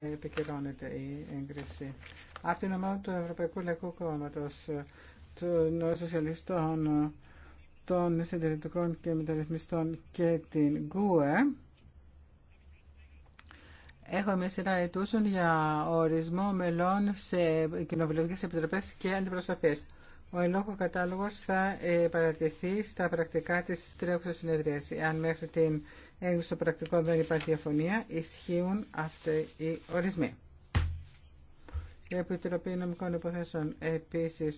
επικυρώνεται η έγκριση. Από την ομάδα του Ευρωπαϊκού Λαϊκού Κόμματο, των Σοσιαλιστών, των Συντηρητικών και Μεταρρυθμιστών και την ΓΚΟΕ, έχω μια σειρά αιτούσεων για ορισμό μελών σε κοινοβουλευτικέ επιτροπέ και αντιπροσωπέ. Ο ελόγω κατάλογο θα ε, παρατηθεί στα πρακτικά τη τρέχουσα συνεδρίαση. Αν μέχρι την Έγκριση ε, στο πρακτικό δεν υπάρχει διαφωνία. Ισχύουν αυτοί οι ορισμοί. Η Επιτροπή Νομικών Υποθέσεων επίσης